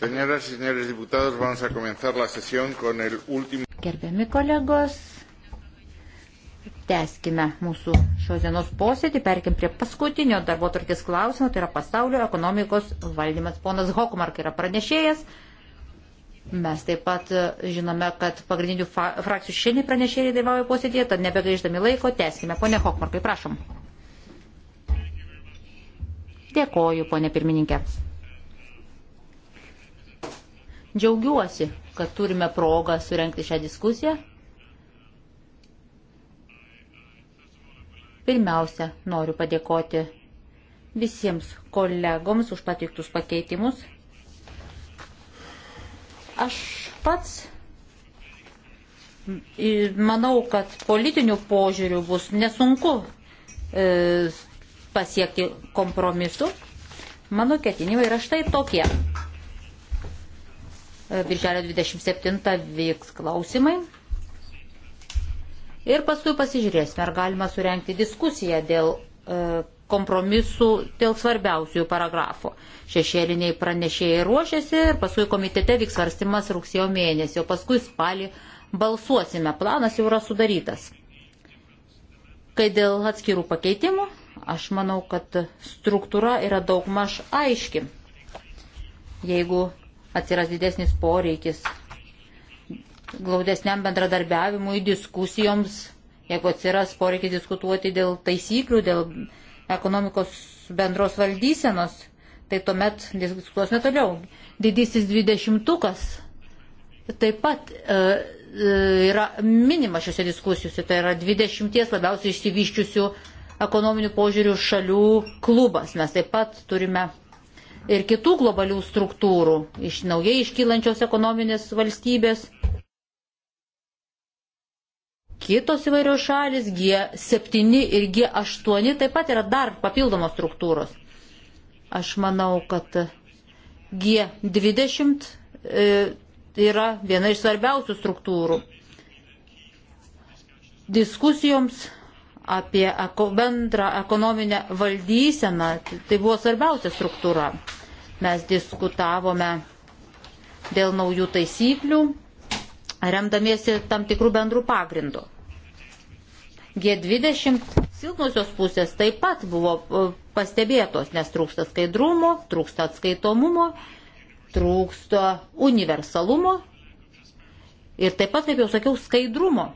Señoras y señores diputados, vamos a comenzar la sesión con el último. Gerbiami kolegos, tęskime mūsų šios dienos posėdį, perkim prie paskutinio darbo tvarkės klausimo, tai yra pasaulio ekonomikos valdymas. Ponas Hokmark yra pranešėjas. Mes taip pat e, žinome, kad pagrindinių frakcijų šiandien pranešėjai dalyvauja posėdėje, tad nebegaiždami laiko, tęskime. Pone Hokmarkai, prašom. Dėkoju, ponė pirmininkė. Džiaugiuosi, kad turime progą surenkti šią diskusiją. Pirmiausia, noriu padėkoti visiems kolegoms už pateiktus pakeitimus. Aš pats manau, kad politinių požiūrių bus nesunku e, pasiekti kompromisu. Mano ketinimai yra štai tokie. Birželio 27 vyks klausimai. Ir paskui pasižiūrėsime, ar galima surenkti diskusiją dėl e, kompromisų dėl svarbiausių paragrafų. Šešėliniai pranešėjai ruošiasi ir paskui komitete vyks svarstymas rugsėjo mėnesį, o paskui spalį balsuosime. Planas jau yra sudarytas. Kai dėl atskirų pakeitimų, aš manau, kad struktūra yra daugmaž aiški. Jeigu atsiras didesnis poreikis glaudesniam bendradarbiavimui, diskusijoms, jeigu atsiras poreikis diskutuoti dėl taisyklių, dėl ekonomikos bendros valdysenos, tai tuomet diskutuosime toliau. Didysis dvidešimtukas taip pat e, e yra minima šiuose diskusijose, tai yra dvidešimties labiausiai išsivyščiusių ekonominių požiūrių šalių klubas. Mes taip pat turime ir kitų globalių struktūrų, iš naujai iškylančios ekonominės valstybės. Kitos įvairios šalis, G7 ir G8 taip pat yra dar papildomos struktūros. Aš manau, kad G20 e, yra viena iš svarbiausių struktūrų. Diskusijoms apie bendrą ekonominę valdyseną, tai buvo svarbiausia struktūra. Mes diskutavome dėl naujų taisyklių, remdamiesi tam tikrų bendrų pagrindų. G20 silpnusios pusės taip pat buvo e, pastebėtos, nes trūksta skaidrumo, trūksta atskaitomumo, trūksta universalumo ir taip pat, kaip jau sakiau, skaidrumo.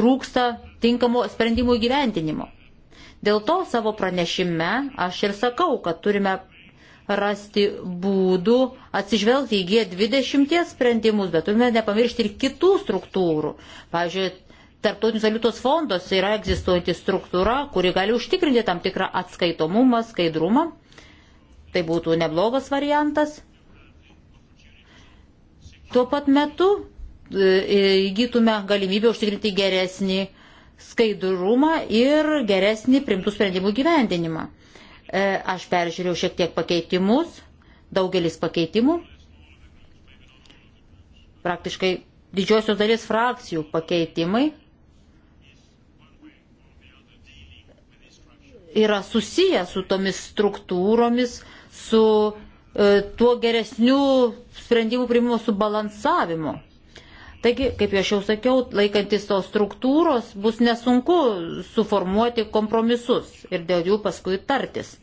Trūksta tinkamo sprendimų įgyvendinimo. Dėl to savo pranešime aš ir sakau, kad turime rasti būdų atsižvelgti į G20 sprendimus, bet turime nepamiršti ir kitų struktūrų. Pavyzdžiui, Tarptautinis valiutos fondas yra egzistuojanti struktūra, kuri gali užtikrinti tam tikrą atskaitomumą, skaidrumą. Tai būtų neblogas variantas. Tuo pat metu e, įgytume galimybę užtikrinti geresnį skaidrumą ir geresnį primtų sprendimų gyvendinimą. E, aš peržiūrėjau šiek tiek pakeitimus, daugelis pakeitimų. Praktiškai didžiosios dalis frakcijų pakeitimai yra susiję su tomis struktūromis, su e, tuo geresnių sprendimų primimo subalansavimu. Taigi, kaip jau aš jau sakiau, laikantis tos struktūros bus nesunku suformuoti kompromisus ir dėl jų paskui tartis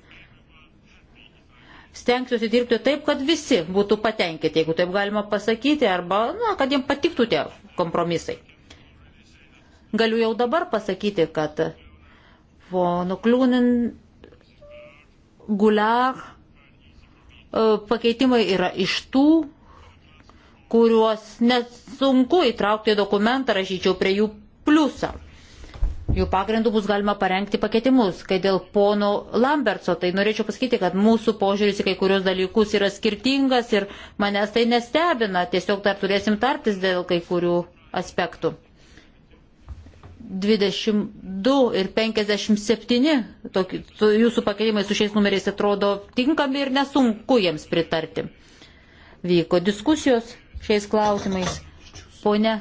stengsiuosi dirbti taip, kad visi būtų patenkinti, jeigu taip galima pasakyti, arba, na, kad jiems patiktų tie kompromisai. Galiu jau dabar pasakyti, kad pono Kliūnin guliar e, pakeitimai yra iš tų, kuriuos nesunku įtraukti į dokumentą, rašyčiau prie jų pliusą. Jų pagrindų bus galima parengti paketimus. Kai dėl pono Lambertso, tai norėčiau pasakyti, kad mūsų požiūris į kai kurios dalykus yra skirtingas ir manęs tai nestebina. Tiesiog dar turėsim tartis dėl kai kurių aspektų. 22 ir 57 tokių, jūsų pakeitimai su šiais numeriais atrodo tinkami ir nesunku jiems pritarti. Vyko diskusijos šiais klausimais. Pone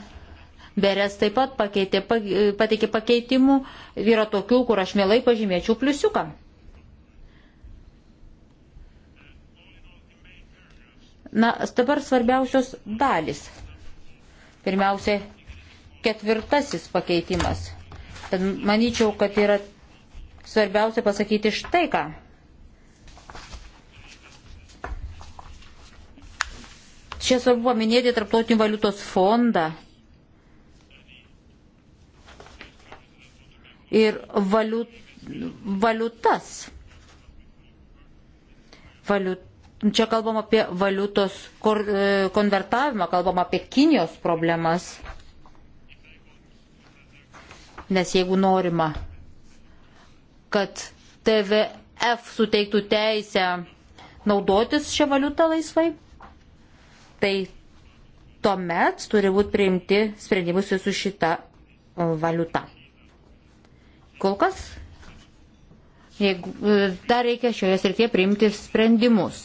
Beres taip pat pakeitė, e, pateikė pakeitimų, yra tokių, kur aš mielai pažymėčiau pliusiuką. Na, dabar svarbiausios dalis. Pirmiausia, ketvirtasis pakeitimas. Tad manyčiau, kad yra svarbiausia pasakyti štai ką. Čia svarbu paminėti Tarptautinių valiutos fondą ir valiut, valiutas. Valiut, čia kalbam apie valiutos kor, e, konvertavimą, kalbam apie Kinijos problemas. Nes jeigu norima, kad TVF suteiktų teisę naudotis šią valiutą laisvai, tai tuomet turi būti priimti sprendimus su šita valiuta. Kol kas jeigu, e, dar reikia šioje srityje priimti sprendimus.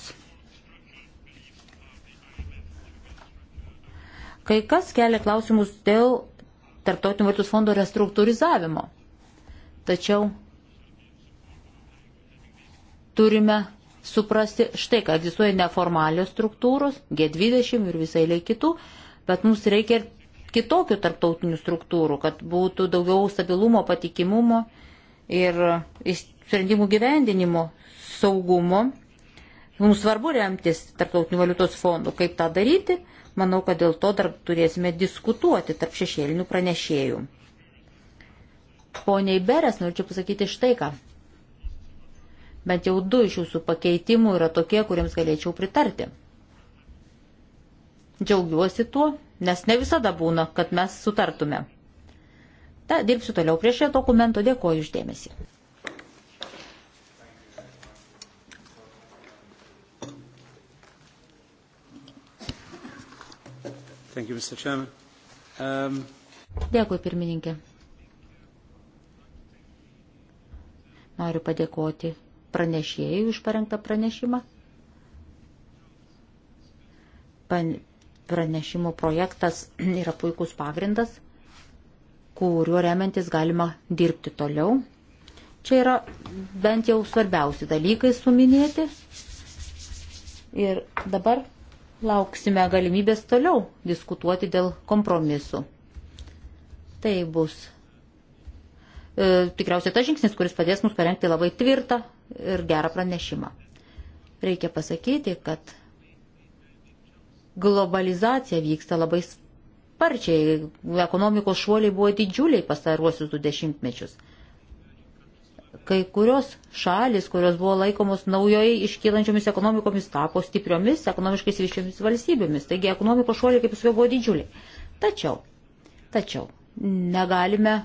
Kai kas kelia klausimus dėl Tarptautinių valiutos fondo restruktūrizavimo. Tačiau turime suprasti štai, kad egzistuoja neformalios struktūros, G20 ir visai lei kitų, bet mums reikia ir kitokių tarptautinių struktūrų, kad būtų daugiau stabilumo, patikimumo ir sprendimų gyvendinimo saugumo. Mums svarbu remtis tarptautinių valiutos fondų. Kaip tą daryti? Manau, kad dėl to dar turėsime diskutuoti tarp šešėlinių pranešėjų. Poniai Beres, norėčiau pasakyti štai ką. Bent jau du iš jūsų pakeitimų yra tokie, kuriems galėčiau pritarti. Džiaugiuosi tuo, nes ne visada būna, kad mes sutartume. Ta, dirbsiu toliau prie šio dokumento, dėkoju uždėmesi. You, um... Dėkui, pirmininkė. Noriu padėkoti pranešėjai už parengtą pranešimą. Pan Pranešimo projektas yra puikus pagrindas, kuriuo remiantis galima dirbti toliau. Čia yra bent jau svarbiausi dalykai suminėti. Ir dabar lauksime galimybės toliau diskutuoti dėl kompromisų. Tai bus e, tikriausiai tas žingsnis, kuris padės mums parengti labai tvirtą ir gerą pranešimą. Reikia pasakyti, kad Globalizacija vyksta labai sparčiai, ekonomikos šuoliai buvo didžiuliai pastaruosius du dešimtmečius. Kai kurios šalis, kurios buvo laikomos naujoje iškylančiomis ekonomikomis, tapo stipriomis ekonomiškai svyščiomis valstybėmis. Taigi ekonomikos šuoliai, kaip jūs jau, buvo didžiuliai. Tačiau, tačiau, negalime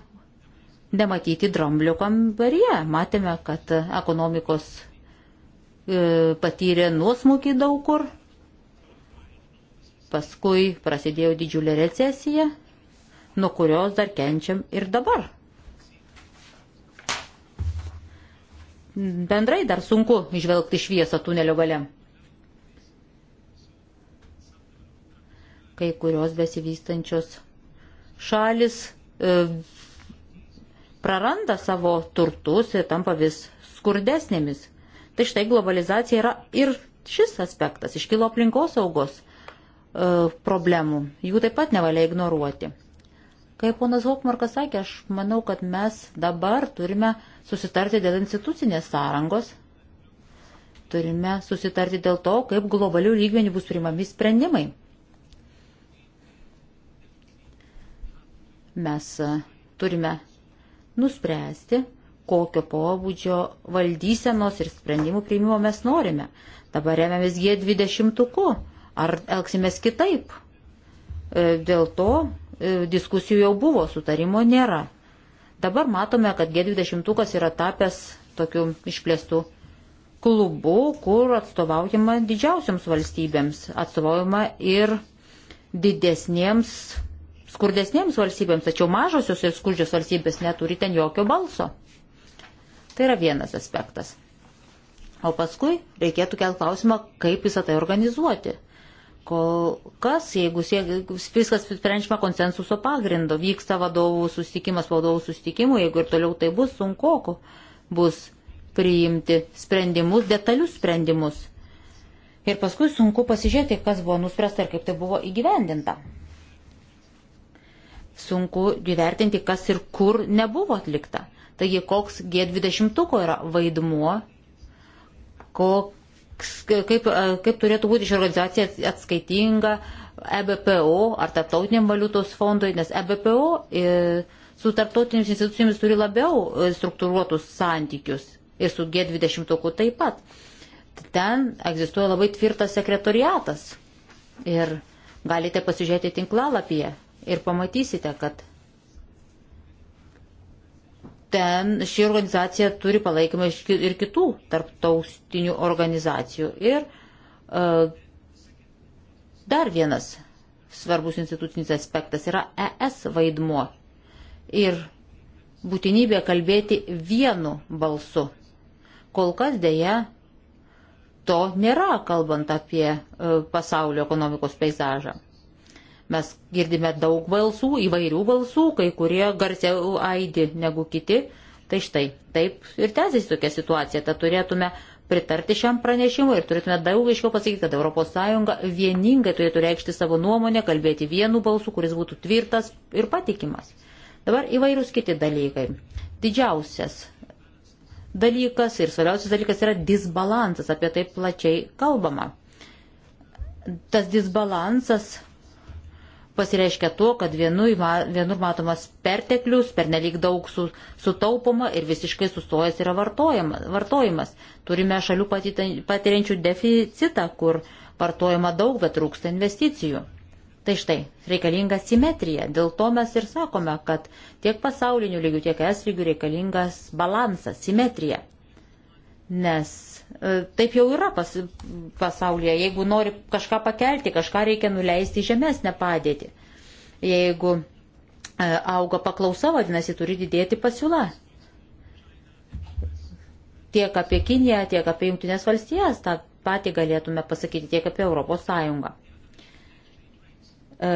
nematyti dramblio kambaryje. Matėme, kad ekonomikos e, patyrė nuosmukį daug kur, Paskui prasidėjo didžiulė recesija, nuo kurios dar kenčiam ir dabar. Bendrai dar sunku išvelgti šviesą tunelio gale. Kai kurios besivystančios šalis e, praranda savo turtus ir tampa vis skurdesnėmis. Tai štai globalizacija yra ir šis aspektas. Iškilo aplinkosaugos E, problemų. Jų taip pat nevalia ignoruoti. Kaip ponas Hokmarkas sakė, aš manau, kad mes dabar turime susitarti dėl institucinės sąrangos, turime susitarti dėl to, kaip globalių lygmenių bus priimami sprendimai. Mes e, turime nuspręsti, kokio pobūdžio valdysenos ir sprendimų priimimo mes norime. Dabar remiamės G20. -tuku ar elgsimės kitaip. E, dėl to e, diskusijų jau buvo, sutarimo nėra. Dabar matome, kad G20 yra tapęs tokiu išplėstu klubu, kur atstovaujama didžiausiams valstybėms, atstovaujama ir didesniems, skurdesniems valstybėms, tačiau mažosios ir skurdžios valstybės neturi ten jokio balso. Tai yra vienas aspektas. O paskui reikėtų kelti klausimą, kaip visą tai organizuoti. Kol kas, jeigu siek, viskas sprendžiama konsensuso pagrindo, vyksta vadovų susitikimas, vadovų susitikimų, jeigu ir toliau tai bus, sunku bus priimti sprendimus, detalius sprendimus. Ir paskui sunku pasižiūrėti, kas buvo nuspręsta ir kaip tai buvo įgyvendinta. Sunku įvertinti, kas ir kur nebuvo atlikta. Taigi, koks G20 yra vaidmuo, ko, kaip, kaip turėtų būti ši organizacija atskaitinga EBPO ar Tartautiniam valiutos fondui, nes EBPO e, su tarptautinėmis institucijomis turi labiau e, struktūruotus santykius ir su G20 taip pat. Ten egzistuoja labai tvirtas sekretoriatas ir galite pasižiūrėti tinklalapyje ir pamatysite, kad ten ši organizacija turi palaikymą ir kitų tarptautinių organizacijų. Ir e, dar vienas svarbus institucinis aspektas yra ES vaidmuo ir būtinybė kalbėti vienu balsu. Kol kas dėja to nėra, kalbant apie e, pasaulio ekonomikos peizažą. Mes girdime daug balsų, įvairių balsų, kai kurie garsiau aidi negu kiti. Tai štai, taip ir tęsiasi tokia situacija. Tad turėtume pritarti šiam pranešimui ir turėtume daug aiškiau pasakyti, kad ES vieningai turėtų reikšti savo nuomonę, kalbėti vienu balsu, kuris būtų tvirtas ir patikimas. Dabar įvairūs kiti dalykai. Didžiausias dalykas ir svarbiausias dalykas yra disbalansas, apie tai plačiai kalbama. Tas disbalansas pasireiškia tuo, kad vienu, vienur matomas perteklius, pernelyg daug su, sutaupoma ir visiškai sustojęs yra vartojama, vartojimas. Turime šalių patiriančių deficitą, kur vartojama daug, bet trūksta investicijų. Tai štai, reikalinga simetrija. Dėl to mes ir sakome, kad tiek pasaulinių lygių, tiek es lygių reikalingas balansas, simetrija. Nes e, taip jau yra pas, pasaulyje. Jeigu nori kažką pakelti, kažką reikia nuleisti į žemesnę padėtį. Jeigu e, auga paklausa, vadinasi, turi didėti pasiūla. Tiek apie Kiniją, tiek apie Junktinės valstijas tą patį galėtume pasakyti, tiek apie Europos Sąjungą. E,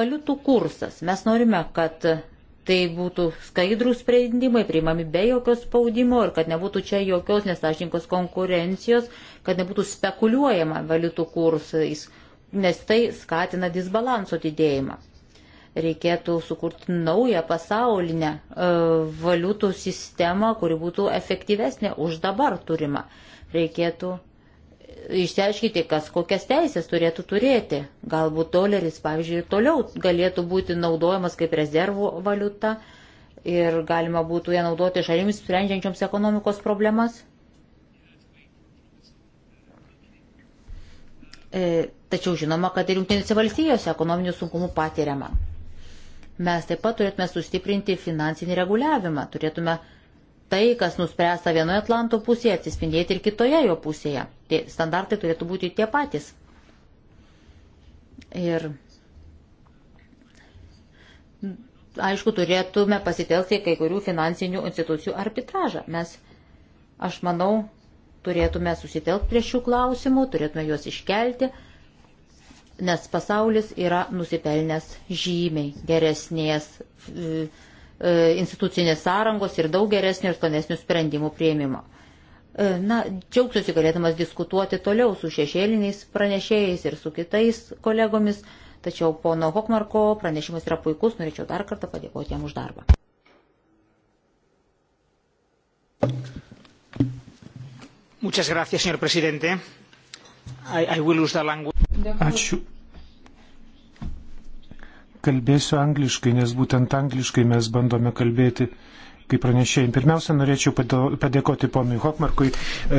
valiutų kursas. Mes norime, kad tai būtų skaidrų sprendimai, priimami be jokios spaudimo ir kad nebūtų čia jokios nesažininkos konkurencijos, kad nebūtų spekuliuojama valiutų kursais, nes tai skatina disbalanso didėjimą. Reikėtų sukurti naują pasaulinę e, valiutų sistemą, kuri būtų efektyvesnė už dabar turimą. Reikėtų išsiaiškinti, kas kokias teisės turėtų turėti. Galbūt doleris, pavyzdžiui, toliau galėtų būti naudojamas kaip rezervų valiuta ir galima būtų ją naudoti šalims sprendžiančioms ekonomikos problemas. E, tačiau žinoma, kad ir jungtinėse valstijose ekonominių sunkumų patiriama. Mes taip pat turėtume sustiprinti finansinį reguliavimą, turėtume uh, tai, kas nuspręsta vienoje Atlanto pusėje, atsispindėti ir kitoje jo pusėje. Tie standartai turėtų būti tie patys. Ir aišku, turėtume pasitelkti kai kurių finansinių institucijų arbitražą. Mes, aš manau, turėtume susitelkti prie šių klausimų, turėtume juos iškelti, nes pasaulis yra nusipelnęs žymiai geresnės. E, E, institucinės sąrangos ir daug geresnio ir skanesnių sprendimų prieimimo. E, na, džiaugsiuosi galėdamas diskutuoti toliau su šešėliniais pranešėjais ir su kitais kolegomis, tačiau pono Hokmarko pranešimas yra puikus, norėčiau dar kartą padėkoti jam už darbą. Muchas gracias, señor presidente. I, I will use the language. Ačiū, kalbėsiu angliškai, nes būtent angliškai mes bandome kalbėti kaip pranešėjim. Pirmiausia, norėčiau padėkoti ponui Hokmarkui.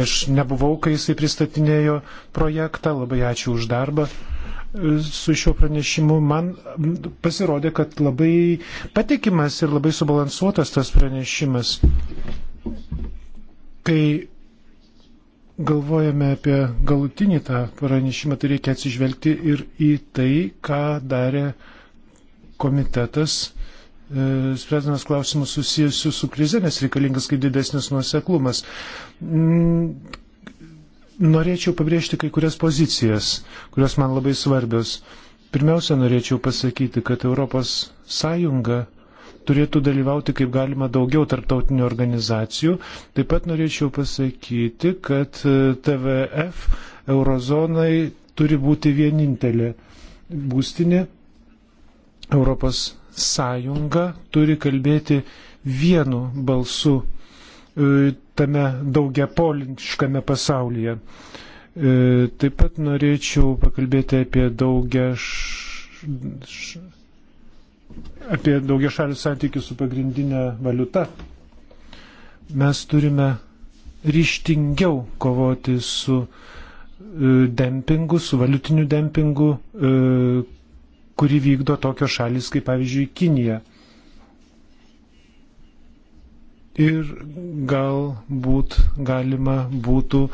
Aš nebuvau, kai jisai pristatinėjo projektą. Labai ačiū už darbą e, su šiuo pranešimu. Man pasirodė, kad labai patikimas ir labai subalansuotas tas pranešimas. Kai galvojame apie galutinį tą pranešimą, tai reikia atsižvelgti ir į tai, ką darė komitetas, e, spręsdamas klausimus susijusius su krize, nes reikalingas kaip didesnis nuoseklumas. Mm, norėčiau pabrėžti kai kurias pozicijas, kurios man labai svarbios. Pirmiausia, norėčiau pasakyti, kad Europos Sąjunga turėtų dalyvauti kaip galima daugiau tarptautinių organizacijų. Taip pat norėčiau pasakyti, kad e, TVF eurozonai turi būti vienintelė būstinė Europos Sąjunga turi kalbėti vienu balsu e, tame daugiapolinškame pasaulyje. E, taip pat norėčiau pakalbėti apie daugia, š... apie daugia šalių santykių su pagrindinė valiuta. Mes turime ryštingiau kovoti su e, dempingu, su valiutiniu dempingu, kurį vykdo tokios šalis kaip pavyzdžiui Kinija. Ir galbūt galima būtų e,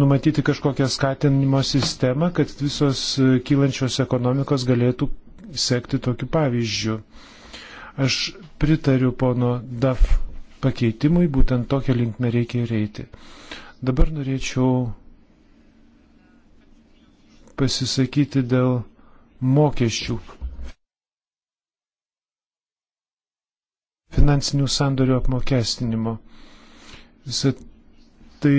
numatyti kažkokią skatinimo sistemą, kad visos e, kylančios ekonomikos galėtų sekti tokiu pavyzdžiu. Aš pritariu pono DAF pakeitimui, būtent tokią linkmę reikia ir eiti. Dabar norėčiau pasisakyti dėl mokesčių, finansinių sandorių apmokestinimo. Visa tai,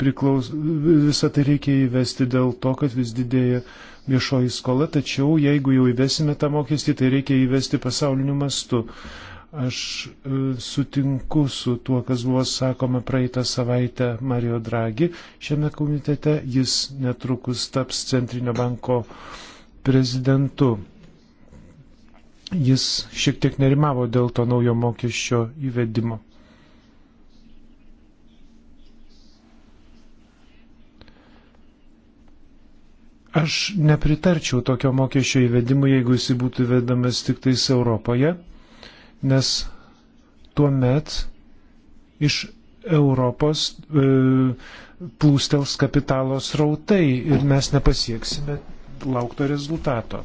priklaus, visa tai reikia įvesti dėl to, kad vis didėja viešoji skola, tačiau jeigu jau įvesime tą mokestį, tai reikia įvesti pasauliniu mastu. Aš e, sutinku su tuo, kas buvo sakoma praeitą savaitę Mario Draghi šiame komitete. Jis netrukus taps Centrinio banko uh, prezidentu. Jis šiek tiek nerimavo dėl to naujo mokesčio įvedimo. Aš nepritarčiau tokio mokesčio įvedimui, jeigu jis būtų įvedamas tik tais Europoje, nes tuomet iš Europos e, plūstels kapitalo srautai ir mes nepasieksime laukto rezultato.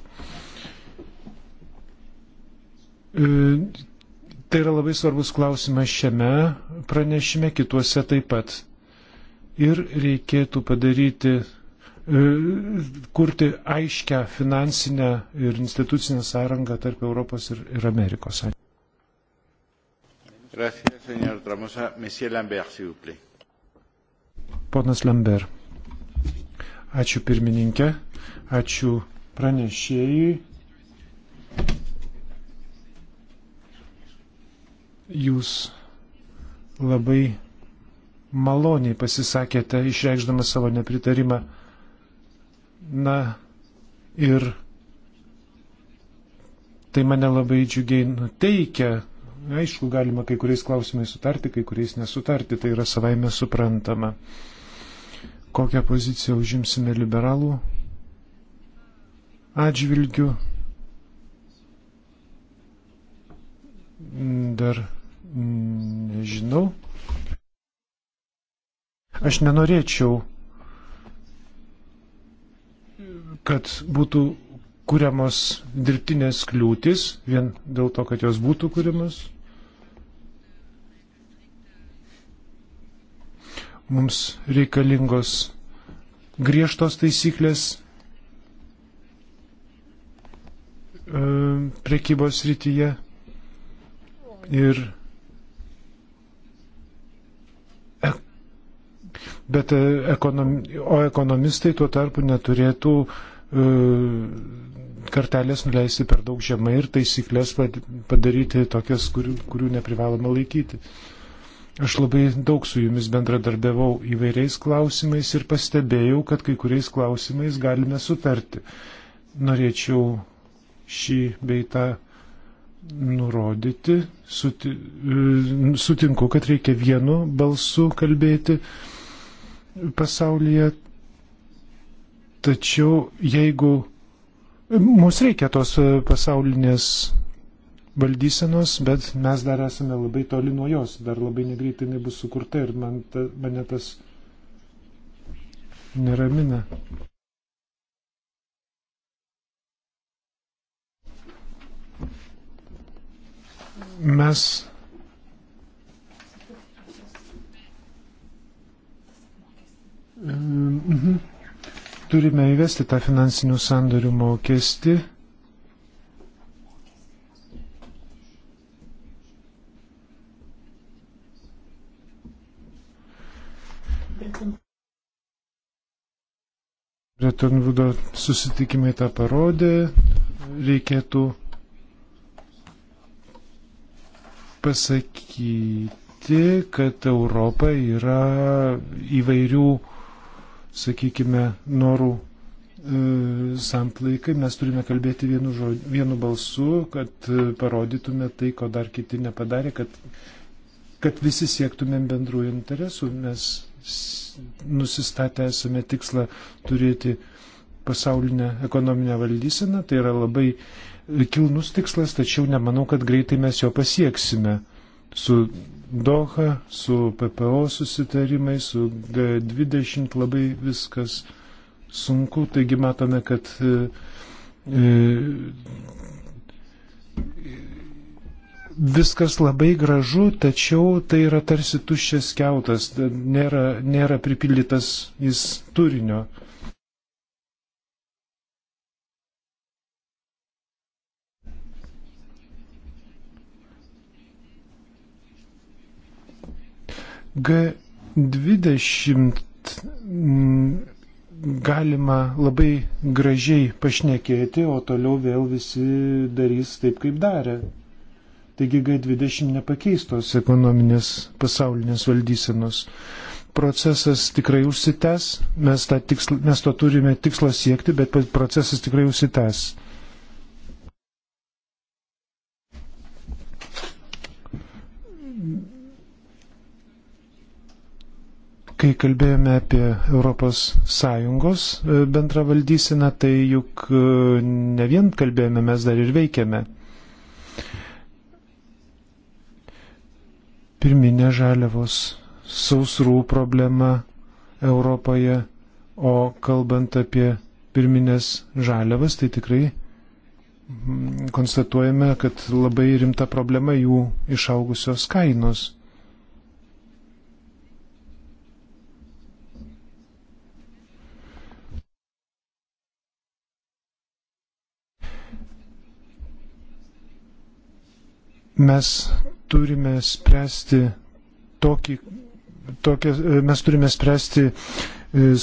E, tai yra labai svarbus klausimas šiame pranešime, kituose taip pat. Ir reikėtų padaryti, e, kurti aiškę finansinę ir institucinę sąrangą tarp Europos ir, ir Amerikos. Gracias, señor Tramosa. Monsieur Lambert, s'il vous plaît. Ponas Lambert. Ačiū pirmininkė. Ačiū pranešėjui. Jūs labai maloniai pasisakėte, išreikšdama savo nepritarimą. Na ir tai mane labai džiugiai nuteikia. Aišku, galima kai kuriais klausimais sutarti, kai kuriais nesutarti, tai yra savaime suprantama. Kokią poziciją užimsime liberalų atžvilgių. Dar nežinau. Aš nenorėčiau, kad būtų kuriamos dirbtinės kliūtis vien dėl to, kad jos būtų kuriamas. Mums reikalingos griežtos taisyklės E, prekybos rytyje ir e, Bet e, ekonom, o ekonomistai tuo tarpu neturėtų e, kartelės nuleisti per daug žemai ir taisyklės padaryti tokias, kurių, kurių neprivaloma laikyti. Aš labai daug su jumis bendradarbiavau įvairiais klausimais ir pastebėjau, kad kai kuriais klausimais galime sutarti. Norėčiau šį beitą nurodyti. Suti, e, sutinku, kad reikia vienu balsu kalbėti pasaulyje. Tačiau jeigu mums reikia tos pasaulinės valdysenos, bet mes dar esame labai toli nuo jos, dar labai negreitai jinai bus sukurta ir man ta, mane tas neramina. mes mhm. turime įvesti tą finansinių sandorių mokestį. Bretonvudo susitikimai tą parodė, reikėtų pasakyti, kad Europa yra įvairių, sakykime, norų e, samplaikai, mes turime kalbėti vienu, žodžiu, vienu balsu, kad e, parodytume tai, ko dar kiti nepadarė, kad, kad visi siektumėm bendrų interesų. Mes nusistatę esame tikslą turėti pasaulinę ekonominę valdyseną, tai yra labai uh, kilnus tikslas, tačiau nemanau, kad greitai mes jo pasieksime. Su Doha, su PPO susitarimai, su G20 labai viskas sunku, taigi matome, kad e, e, viskas labai gražu, tačiau tai yra tarsi tuščias keutas, nėra, nėra pripildytas jis turinio. G20 galima labai gražiai pašnekėti, o toliau vėl visi darys taip, kaip darė. Taigi G20 nepakeistos ekonominės pasaulinės valdysenos. Procesas tikrai užsitęs, mes, tikslą, mes to turime tikslo siekti, bet procesas tikrai užsitęs. kai kalbėjome apie ES e, bendrą valdysiną, tai juk e, ne vien kalbėjome, mes dar ir veikiame. Pirminė žaliavos sausrų problema Europoje, o kalbant apie pirminės žaliavas, tai tikrai mm, konstatuojame, kad labai rimta problema jų išaugusios kainos. Mes turime spręsti tokį, tokią, mes turime spręsti e,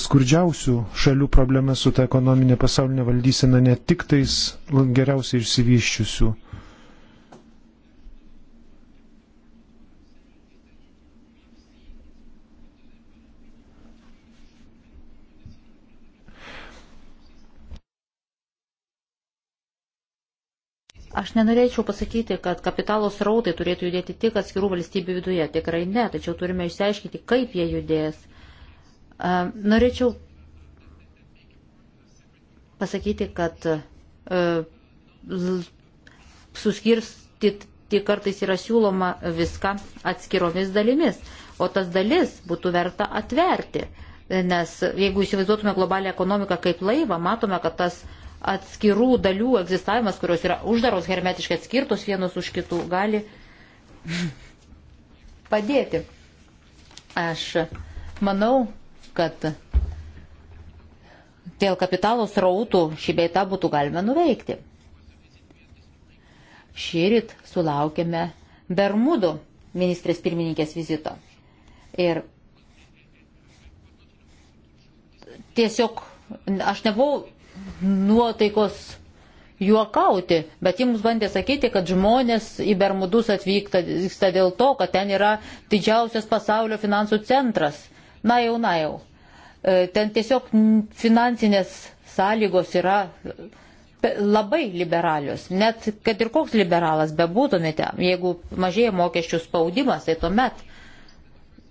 skurdžiausių šalių problemas su ta ekonominė pasaulinė valdysena, ne tik tais geriausiai išsivyščiusių. Aš nenorėčiau pasakyti, kad kapitalo srautai turėtų judėti tik atskirų valstybių viduje, tikrai ne, tačiau turime išsiaiškinti, kaip jie judės. Norėčiau pasakyti, kad e, suskirstyti kartais yra siūloma viską atskiromis dalimis, o tas dalis būtų verta atverti, nes jeigu įsivaizduotume globalią ekonomiką kaip laivą, matome, kad tas uh, atskirų dalių egzistavimas, kurios yra uždaros hermetiškai atskirtos vienos už kitų, gali padėti. Aš manau, kad dėl kapitalo srautų šį beitą būtų galima nuveikti. Šįryt sulaukėme Bermudų ministrės pirmininkės vizito. Ir tiesiog aš nebuvau nuotaikos juokauti, bet ji mums bandė sakyti, kad žmonės į Bermudus atvyksta dėl to, kad ten yra didžiausias pasaulio finansų centras. Na jau, na jau. E, ten tiesiog finansinės sąlygos yra e, labai liberalios. Net kad ir koks liberalas bebūtumėte, jeigu mažėja mokesčių spaudimas, tai tuomet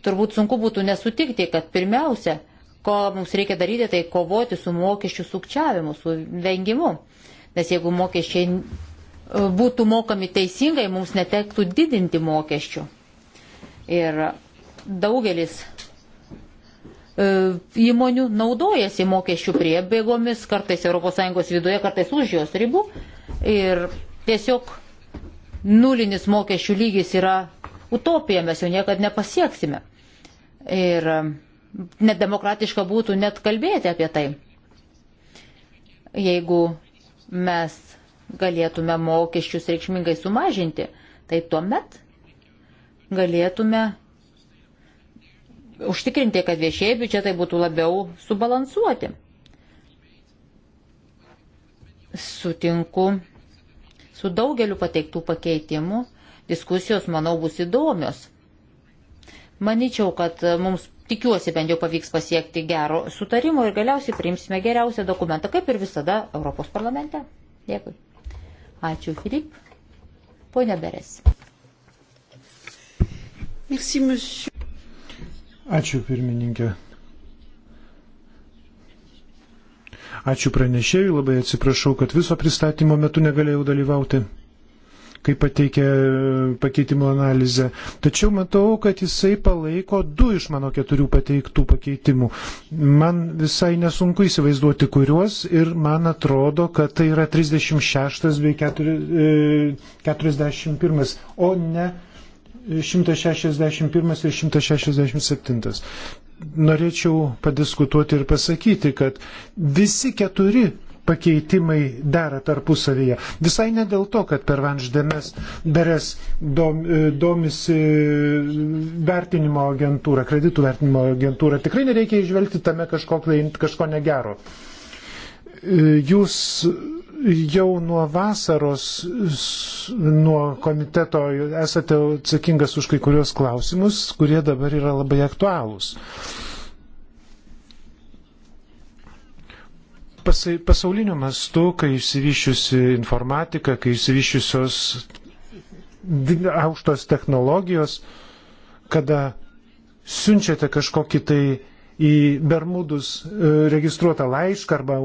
turbūt sunku būtų nesutikti, kad pirmiausia ko mums reikia daryti, tai kovoti su mokesčių sukčiavimu, su vengimu. Nes jeigu mokesčiai e, būtų mokami teisingai, mums netektų didinti mokesčių. Ir daugelis e, įmonių naudojasi mokesčių priebėgomis, kartais ES viduje, kartais už jos ribų. Ir tiesiog nulinis mokesčių lygis yra utopija, mes jo niekada nepasieksime. Ir nedemokratiška būtų net kalbėti apie tai. Jeigu mes galėtume mokesčius reikšmingai sumažinti, tai tuomet galėtume užtikrinti, kad viešieji biudžetai būtų labiau subalansuoti. Sutinku su daugeliu pateiktų pakeitimų. Diskusijos, manau, bus įdomios. Maničiau, kad mums tikiuosi bent jau pavyks pasiekti gero sutarimo ir galiausiai priimsime geriausią dokumentą, kaip ir visada Europos parlamente. Dėkui. Ačiū, Filip. Pone Beres. Merci, monsieur. Ačiū, pirmininkė. Ačiū pranešėjui, labai atsiprašau, kad viso pristatymo metu negalėjau dalyvauti kai pateikė e, pakeitimo analizę. Tačiau matau, kad jisai palaiko du iš mano keturių pateiktų pakeitimų. Man visai nesunku įsivaizduoti, kuriuos ir man atrodo, kad tai yra 36 bei 41, e, o ne 161 ir 167. Norėčiau padiskutuoti ir pasakyti, kad visi keturi pakeitimai dera tarpusavyje. Visai ne dėl to, kad per Vanždėmes beres dom, e, domisi vertinimo agentūra, kreditų vertinimo agentūra. Tikrai nereikia išvelgti tame kažko, kažko negero. E, jūs jau nuo vasaros, nuo komiteto esate atsakingas už kai kurios klausimus, kurie dabar yra labai aktualūs. Uh, Pasauliniu mastu, kai išsivyščiusi informatika, kai išsivyščiusios aukštos technologijos, kada siunčiate kažkokį tai į Bermudus e, registruotą laišką arba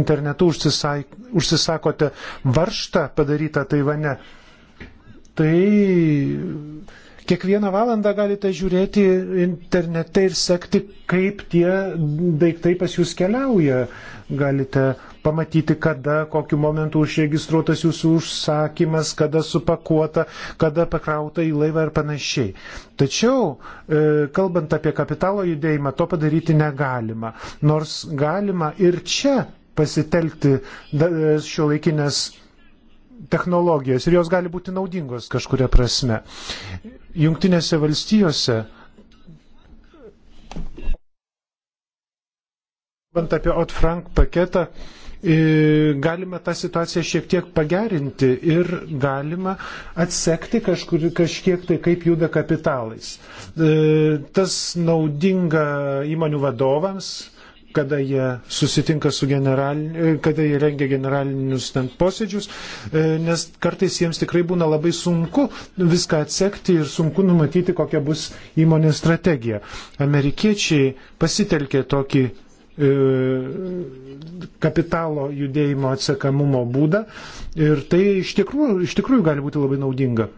internetu užsisakote varštą padarytą Taivane, tai Kiekvieną valandą galite žiūrėti internete ir sekti, kaip tie daiktai pas jūs keliauja. Galite pamatyti, kada, kokiu momentu užregistruotas jūsų užsakymas, kada supakuota, kada pakrauta į laivą ir panašiai. Tačiau, e, kalbant apie kapitalo judėjimą, to padaryti negalima. Nors galima ir čia pasitelkti e, šio laikinės technologijas ir jos gali būti naudingos kažkuria prasme. Jungtinėse valstijose, kalbant apie Ot Frank paketą, galima tą situaciją šiek tiek pagerinti ir galima atsekti kažkur, kažkiek tai kaip juda kapitalais. E, tas naudinga įmonių vadovams, kada jie susitinka su generaliniu, e, kada jie rengia generalinius ten posėdžius, e, nes kartais jiems tikrai būna labai sunku viską atsekti ir sunku numatyti, kokia bus įmonės strategija. Amerikiečiai pasitelkė tokį e, kapitalo judėjimo atsekamumo būdą ir tai iš tikrųjų, iš tikrųjų gali būti labai naudinga.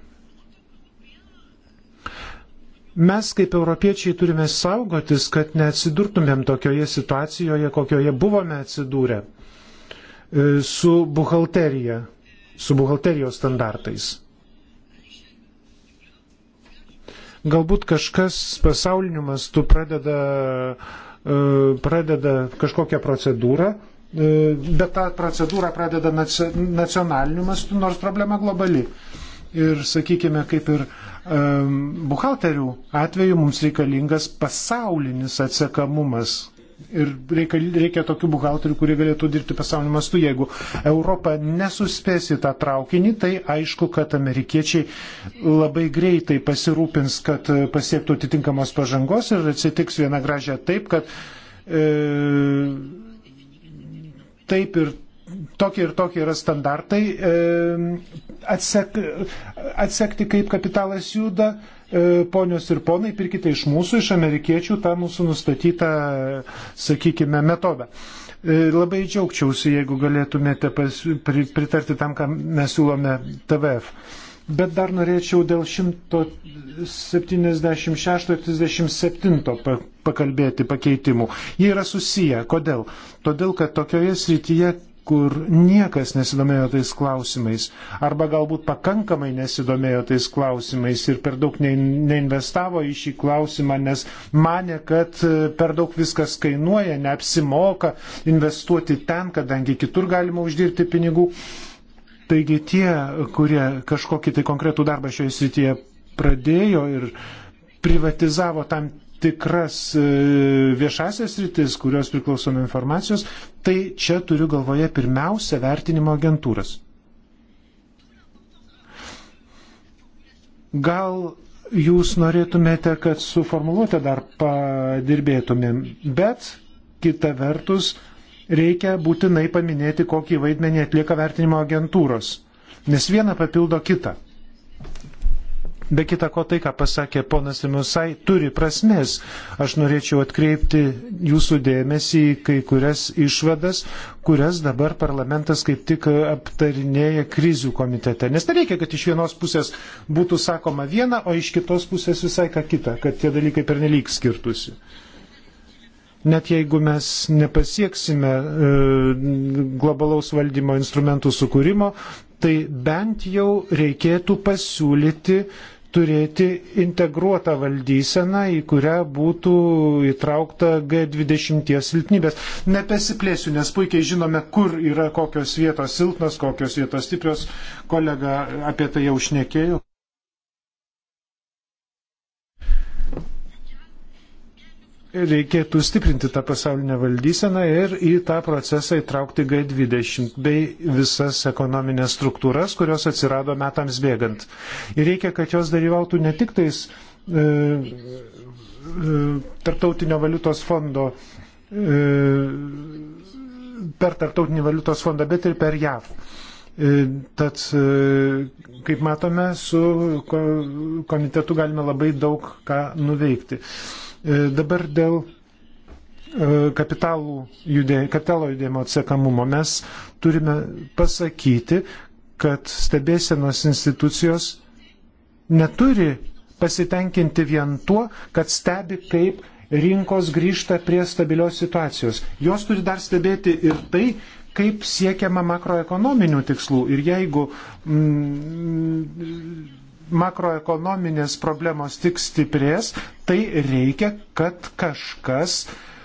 Mes kaip europiečiai turime saugotis, kad neatsidurtumėm tokioje situacijoje, kokioje buvome atsidūrę e, su buhalterija, su buhalterijos standartais. Galbūt kažkas pasauliniu mastu pradeda, e, pradeda kažkokią procedūrą, e, bet tą procedūrą pradeda nacionaliniu mastu, nors problema globali. Ir sakykime, kaip ir uh, buhalterių atveju mums reikalingas pasaulinis atsekamumas. Ir reikia, reikia tokių buhalterių, kurie galėtų dirbti pasaulio mastu. Jeigu Europa nesuspės į tą traukinį, tai aišku, kad amerikiečiai labai greitai pasirūpins, kad pasiektų atitinkamos pažangos ir atsitiks vieną gražią taip, kad e, taip ir tokie ir tokie yra standartai, e, atsek, atsekti, kaip kapitalas juda. E, ponios ir ponai, pirkite iš mūsų, iš amerikiečių, tą mūsų nustatytą, sakykime, metodą. E, labai džiaugčiausi, jeigu galėtumėte pas, pri, pritarti tam, ką mes siūlome TVF. Bet dar norėčiau dėl 176-37 pakalbėti pakeitimų. Jie yra susiję. Kodėl? Todėl, kad tokioje srityje, kur niekas nesidomėjo tais klausimais, arba galbūt pakankamai nesidomėjo tais klausimais ir per daug neinvestavo į šį klausimą, nes mane, kad e, per daug viskas kainuoja, neapsimoka investuoti ten, kadangi kitur galima uždirbti pinigų. Taigi tie, kurie kažkokį tai konkretų darbą šioje srityje pradėjo ir privatizavo tam tikras e, viešasias rytis, kurios priklauso nuo informacijos, tai čia turiu galvoje pirmiausia vertinimo agentūras. Gal jūs norėtumėte, kad suformuluotę dar padirbėtumėm, bet kita vertus reikia būtinai paminėti, kokį vaidmenį atlieka vertinimo agentūros, nes viena papildo kitą. Be kita ko, tai, ką pasakė ponas Limusai, turi prasmės. Aš norėčiau atkreipti jūsų dėmesį į kai kurias išvadas, kurias dabar parlamentas kaip tik aptarinėja krizių komitete. Nes nereikia, kad iš vienos pusės būtų sakoma viena, o iš kitos pusės visai ką kita, kad tie dalykai pernelyg skirtusi. Net jeigu mes nepasieksime e, globalaus valdymo instrumentų sukūrimo, tai bent jau reikėtų pasiūlyti turėti integruotą valdyseną, į kurią būtų įtraukta G20 silpnybės. Nepesiplėsiu, nes puikiai žinome, kur yra kokios vietos silpnos, kokios vietos stiprios. Kolega apie tai jau šnekėjo. reikėtų stiprinti tą pasaulinę valdyseną ir į tą procesą įtraukti G20 bei visas ekonominės struktūras, kurios atsirado metams bėgant. Ir reikia, kad jos dalyvautų ne tik tais e, e, tarptautinio valiutos fondo, e, per tarptautinį valiutos fondą, bet ir per JAV. E, tad, e, kaip matome, su komitetu galime labai daug ką nuveikti. E, dabar dėl e, kapitalų judė, kapitalo judėjimo atsekamumo mes turime pasakyti, kad stebėsienos institucijos neturi pasitenkinti vien tuo, kad stebi, kaip rinkos grįžta prie stabilios situacijos. Jos turi dar stebėti ir tai, kaip siekiama makroekonominių tikslų. Ir jeigu mm, makroekonominės problemos tik stiprės, tai reikia, kad kažkas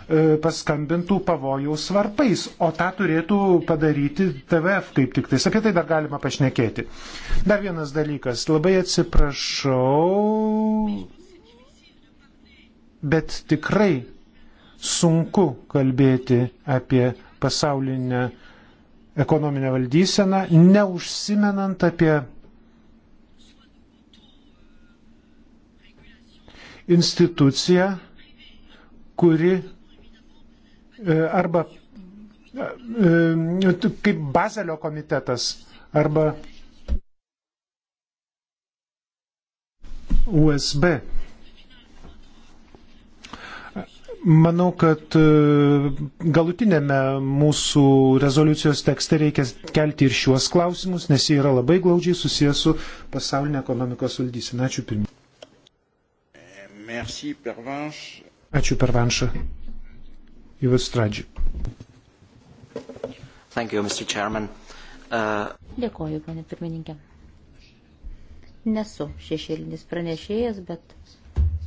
e, paskambintų pavojaus varpais, o tą turėtų padaryti TVF kaip tik tais. Apie tai dar galima pašnekėti. Dar vienas dalykas. Labai atsiprašau, bet tikrai sunku kalbėti apie pasaulinę ekonominę valdyseną, neužsimenant apie institucija, kuri e, arba e, e, kaip Bazelio komitetas arba USB. Manau, kad galutinėme mūsų rezoliucijos tekste reikia kelti ir šiuos klausimus, nes jie yra labai glaudžiai susijęs su pasaulinė ekonomikos valdysena. Ačiū pirmininkai. Merci, Pervanš. Ačiū, Pervanša. Įvas Stradži. Thank you, Mr. Chairman. Uh... Dėkoju, ponė pirmininkė. Nesu šešėlinis pranešėjas, bet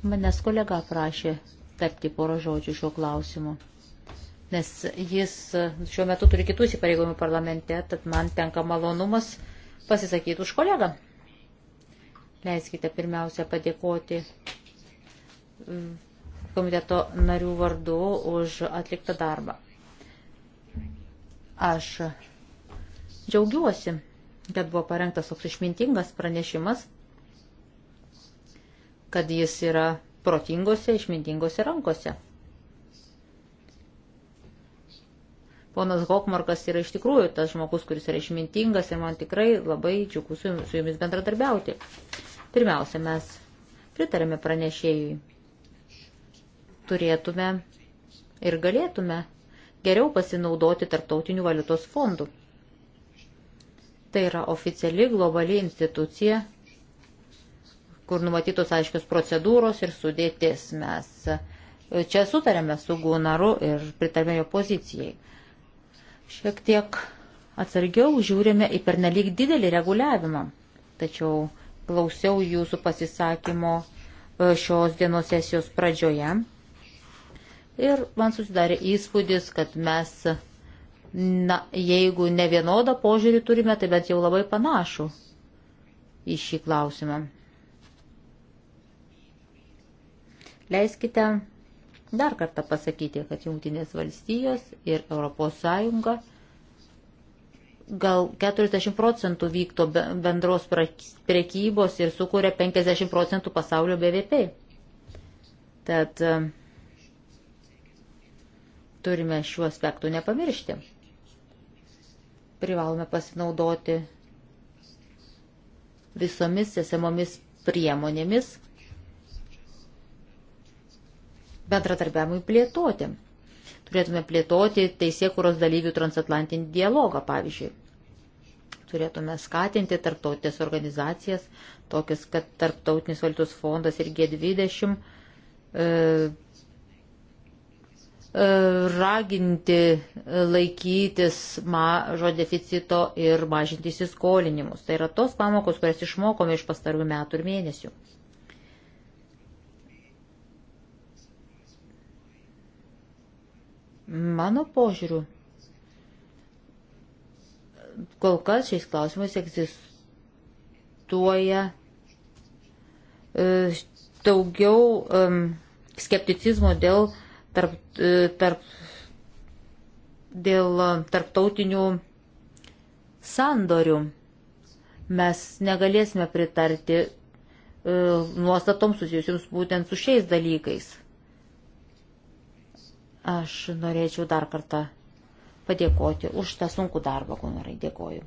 manęs kolega prašė tarti porą žodžių šiuo klausimu. Nes jis šiuo metu turi kitų įsipareigojimų parlamente, tad man tenka malonumas pasisakyti už kolegą. Leiskite pirmiausia padėkoti komiteto narių vardu už atliktą darbą. Aš džiaugiuosi, kad buvo parengtas toks išmintingas pranešimas, kad jis yra protingose, išmintingose rankose. Ponas Hokmarkas yra iš tikrųjų tas žmogus, kuris yra išmintingas ir man tikrai labai džiugu su jumis bendradarbiauti. Pirmiausia, mes pritarėme pranešėjui turėtume ir galėtume geriau pasinaudoti tarptautinių valiutos fondų. Tai yra oficiali globali institucija, kur numatytos aiškios procedūros ir sudėtis. Mes e, čia sutarėme su Gunaru ir pritarėme jo pozicijai. Šiek tiek atsargiau žiūrime į pernelyg didelį reguliavimą. Tačiau klausiau jūsų pasisakymo e, šios dienos sesijos pradžioje ir man susidarė įspūdis, kad mes, na, jeigu ne vienodą požiūrį turime, tai bent jau labai panašų į šį klausimą. Leiskite dar kartą pasakyti, kad Junktinės valstijos ir ES gal 40 procentų vykto bendros prekybos ir sukuria 50 procentų pasaulio BVP. Tad Turime šiuo aspektu nepamiršti. Privalome pasinaudoti visomis esamomis priemonėmis bendratarbiavimui plėtoti. Turėtume plėtoti teisėkuros dalyvių transatlantinį dialogą, pavyzdžiui. Turėtume skatinti tarptautinės organizacijas, tokias, kad Tarptautinis valiutos fondas ir G20 e, raginti laikytis mažo deficito ir mažinti įsiskolinimus. Tai yra tos pamokos, kurias išmokome iš pastarųjų metų ir mėnesių. Mano požiūriu, kol kas šiais klausimais egzistuoja e, daugiau skepticizmo dėl tarp, e, tarp, dėl tarptautinių sandorių. Mes negalėsime pritarti e, nuostatoms susijusiams būtent su šiais dalykais. Aš norėčiau dar kartą padėkoti už tą sunkų darbą, Gunarai. Dėkoju.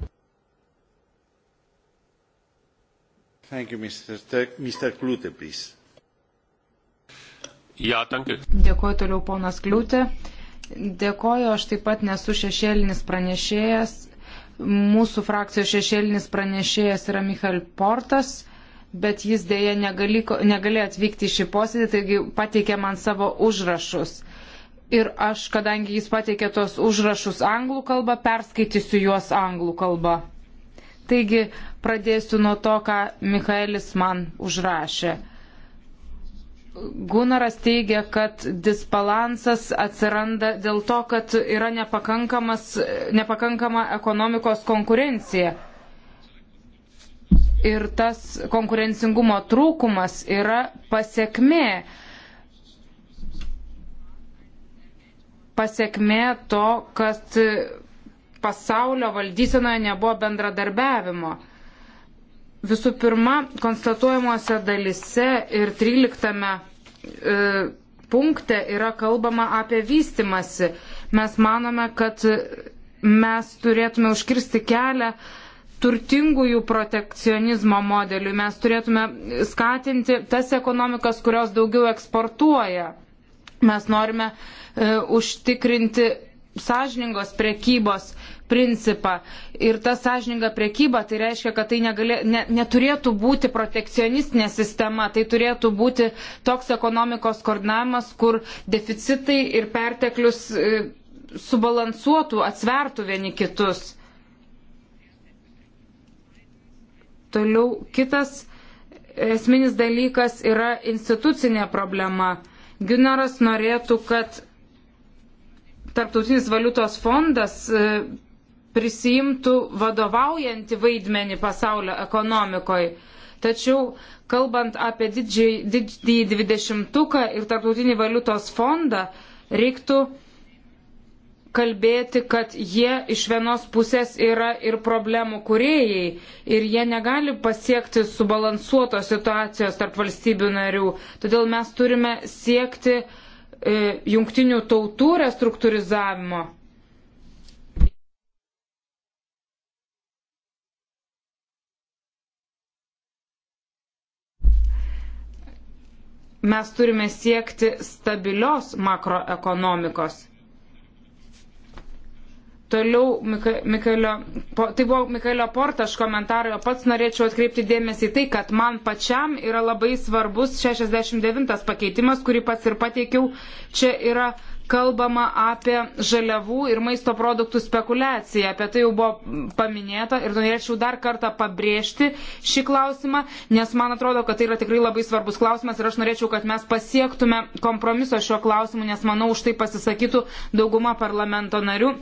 Thank you, Mr. Mr. Klute, please. Ja, danke. Dėkuoju toliau ponas Kliūtė. Dėkuoju, aš taip pat nesu šešėlinis pranešėjas. Mūsų frakcijos šešėlinis pranešėjas yra Michael Portas bet jis dėja negalėjo atvykti į šį posėdį, taigi pateikė man savo užrašus. Ir aš, kadangi jis pateikė tos užrašus anglų kalbą, perskaitysiu juos anglų kalbą. Taigi pradėsiu nuo to, ką Michaelis man užrašė. Gunaras teigia, kad disbalansas atsiranda dėl to, kad yra nepakankama ekonomikos konkurencija. Ir tas konkurencingumo trūkumas yra pasiekmė. Pasiekmė to, kad pasaulio valdysenoje nebuvo bendradarbiavimo. Visų pirma, konstatuojamuose dalise ir 13 e, punkte yra kalbama apie vystimasi. Mes manome, kad mes turėtume užkirsti kelią turtingųjų protekcionizmo modeliui. Mes turėtume skatinti tas ekonomikas, kurios daugiau eksportuoja. Mes norime e, užtikrinti sąžiningos prekybos principą. Ir ta sąžininga priekyba, tai reiškia, kad tai negalė, ne, neturėtų būti protekcionistinė sistema, tai turėtų būti toks ekonomikos koordinavimas, kur deficitai ir perteklius e, subalansuotų, atsvertų vieni kitus. Toliau kitas e, esminis dalykas yra institucinė problema. Günaras norėtų, kad Tarptautinis valiutos fondas e, prisijimtų vadovaujantį vaidmenį pasaulio ekonomikoje. Tačiau, kalbant apie didžiai, didžiai dvidešimtuką ir tarptautinį valiutos fondą, reiktų kalbėti, kad jie iš vienos pusės yra ir problemų kuriejai ir jie negali pasiekti subalansuotos situacijos tarp valstybių narių. Todėl mes turime siekti e, jungtinių tautų restruktūrizavimo. mes turime siekti stabilios makroekonomikos. Toliau, Mika, Mikalio, po, tai buvo Mikalio Portaš komentarai, o pats norėčiau atkreipti dėmesį į tai, kad man pačiam yra labai svarbus 69 pakeitimas, kurį pats ir pateikiau. Čia yra kalbama apie žaliavų ir maisto produktų spekulaciją. Apie tai jau buvo paminėta ir norėčiau dar kartą pabrėžti šį klausimą, nes man atrodo, kad tai yra tikrai labai svarbus klausimas ir aš norėčiau, kad mes pasiektume kompromiso šiuo klausimu, nes manau, už tai pasisakytų dauguma parlamento narių.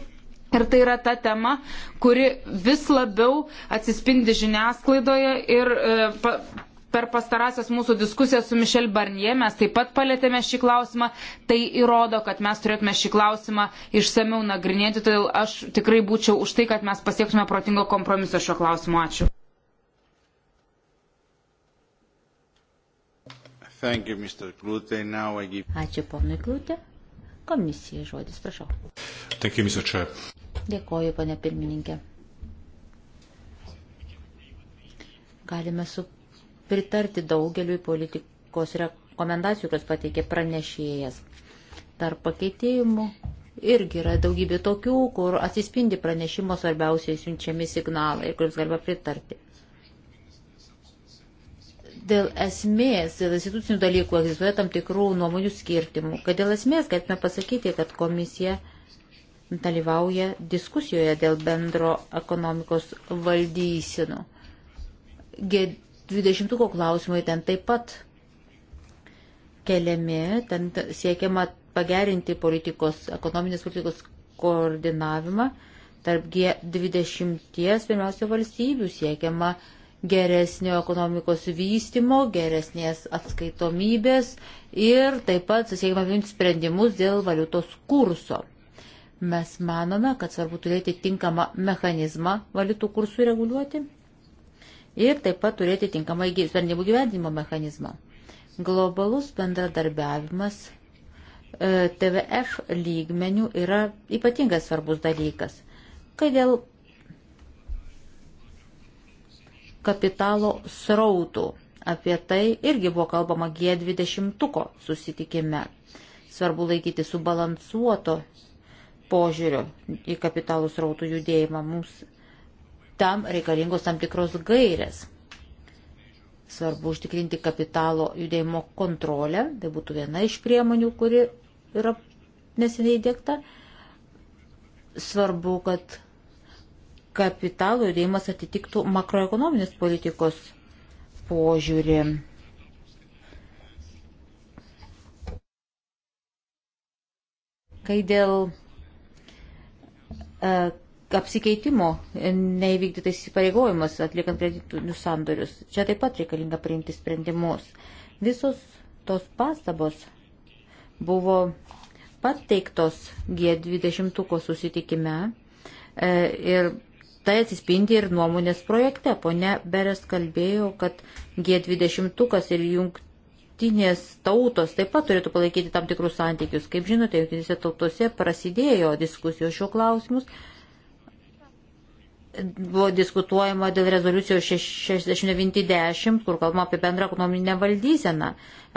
Ir tai yra ta tema, kuri vis labiau atsispindi žiniasklaidoje ir e, pa, per pastarąsias mūsų diskusijas su Mišel Barnie mes taip pat palėtėme šį klausimą. Tai įrodo, kad mes turėtume šį klausimą išsameu nagrinėti, todėl aš tikrai būčiau už tai, kad mes pasiektume protingo kompromiso šio klausimu. Ačiū. Thank you, Mr. Klute. Now I give... Ačiū, ponui Klute. Komisijai žodis, prašau. Thank you, Mr. Chair. Dėkoju, pane pirmininkė. Galime su pritarti daugeliui politikos rekomendacijų, kurias pateikė pranešėjas. Tarp pakeitimų irgi yra daugybė tokių, kur atsispindi pranešimo svarbiausiai siunčiami signalai ir kuriems galima pritarti. Dėl esmės, dėl institucinių dalykų egzistuoja tam tikrų nuomonių skirtimų, kad dėl esmės galime pasakyti, kad komisija dalyvauja diskusijoje dėl bendro ekonomikos valdysinų. Ged Dvidešimtuko klausimai ten taip pat keliami, ten siekiama pagerinti politikos, ekonominės politikos koordinavimą tarp G20 pirmiausia valstybių siekiama geresnio ekonomikos vystimo, geresnės atskaitomybės ir taip pat siekiama priimti sprendimus dėl valiutos kurso. Mes manome, kad svarbu turėti tinkamą mechanizmą valiutų kursų reguliuoti ir taip pat turėti tinkamą sprendimų gyvendimo mechanizmą. Globalus bendradarbiavimas e, TVF lygmenių yra ypatingai svarbus dalykas, kai dėl kapitalo srautų apie tai irgi buvo kalbama G20 susitikime. Svarbu laikyti subalansuoto požiūrio į kapitalų srautų judėjimą. Mums Tam reikalingos tam tikros gairės. Svarbu užtikrinti kapitalo judėjimo kontrolę, tai būtų viena iš priemonių, kuri yra neseniai dėkta. Svarbu, kad kapitalo judėjimas atitiktų makroekonominės politikos požiūrį. Kai dėl e, apsikeitimo e, neįvykdytais įpareigojimas atliekant kreditinius sandorius. Čia taip pat reikalinga priimti sprendimus. Visos tos pastabos buvo pateiktos G20 susitikime e, ir tai atsispindi ir nuomonės projekte. Pone Beres kalbėjo, kad G20 ir jungtinės tautos taip pat turėtų palaikyti tam tikrus santykius. Kaip žinote, jungtinėse tautose prasidėjo diskusijos šiuo klausimus buvo diskutuojama dėl rezoliucijos 6910, kur kalbama apie bendrą ekonominę valdyseną.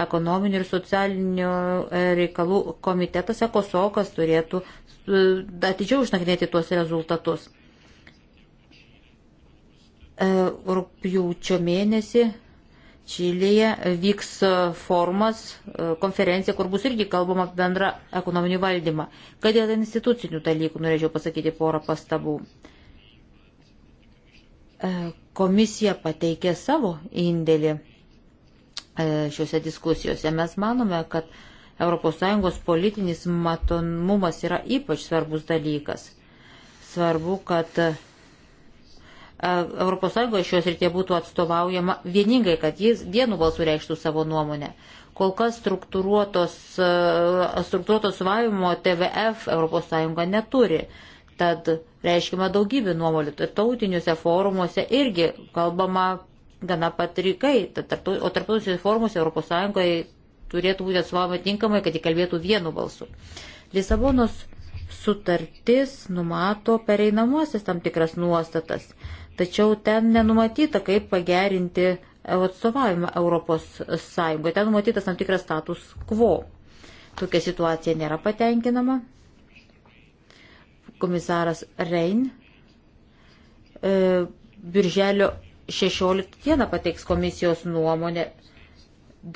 Ekonominių ir socialinių e, reikalų komitetas ekosokas turėtų e, atidžiau išnagrinėti tuos rezultatus. E, Rūpjūčio mėnesį Čilėje vyks formas, konferencija, kur bus irgi kalbama apie bendrą ekonominį valdymą. Kad dėl institucinių dalykų norėčiau pasakyti porą pastabų. E, komisija pateikė savo indėlį e, šiuose diskusijose. Mes manome, kad ES politinis matomumas yra ypač svarbus dalykas. Svarbu, kad e, ES šios rytie būtų atstovaujama vieningai, kad jis vienu balsu reikštų savo nuomonę. Kol kas struktūruotos, struktūruotos suvavimo TVF ES neturi. Tad reiškima daugybė nuomonių. Tautiniuose forumuose irgi kalbama gana patrikai. O tarptautiniuose forumuose ES turėtų būti atsvama tinkamai, kad jį kalbėtų vienu balsu. Lisabonos sutartis numato pereinamuosias tam tikras nuostatas, tačiau ten nenumatyta, kaip pagerinti atstovavimą Europos Sąjungoje. Ten numatytas tam tikras status quo. Tokia situacija nėra patenkinama, komisaras Rein e, birželio 16 dieną pateiks komisijos nuomonę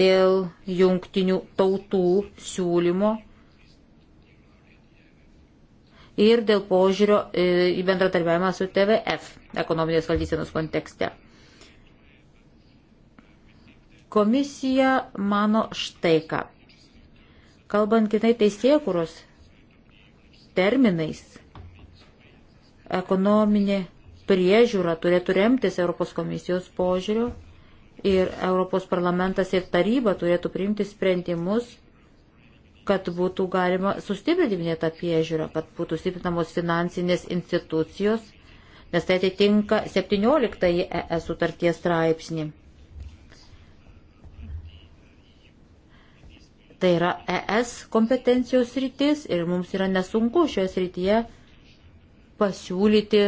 dėl jungtinių tautų siūlymo ir dėl požiūrio e, į bendratarbiavimą su TVF ekonominės valdysenos kontekste. Komisija mano štai ką. Kalbant kitai teisėkuros terminais, Ekonominė priežiūra turėtų remtis Europos komisijos požiūriu ir Europos parlamentas ir taryba turėtų priimti sprendimus, kad būtų galima sustiprinti minėtą priežiūrą, kad būtų stiprinamos finansinės institucijos, nes tai atitinka 17 ES sutarties straipsnį. Tai yra ES kompetencijos rytis ir mums yra nesunku šioje srityje pasiūlyti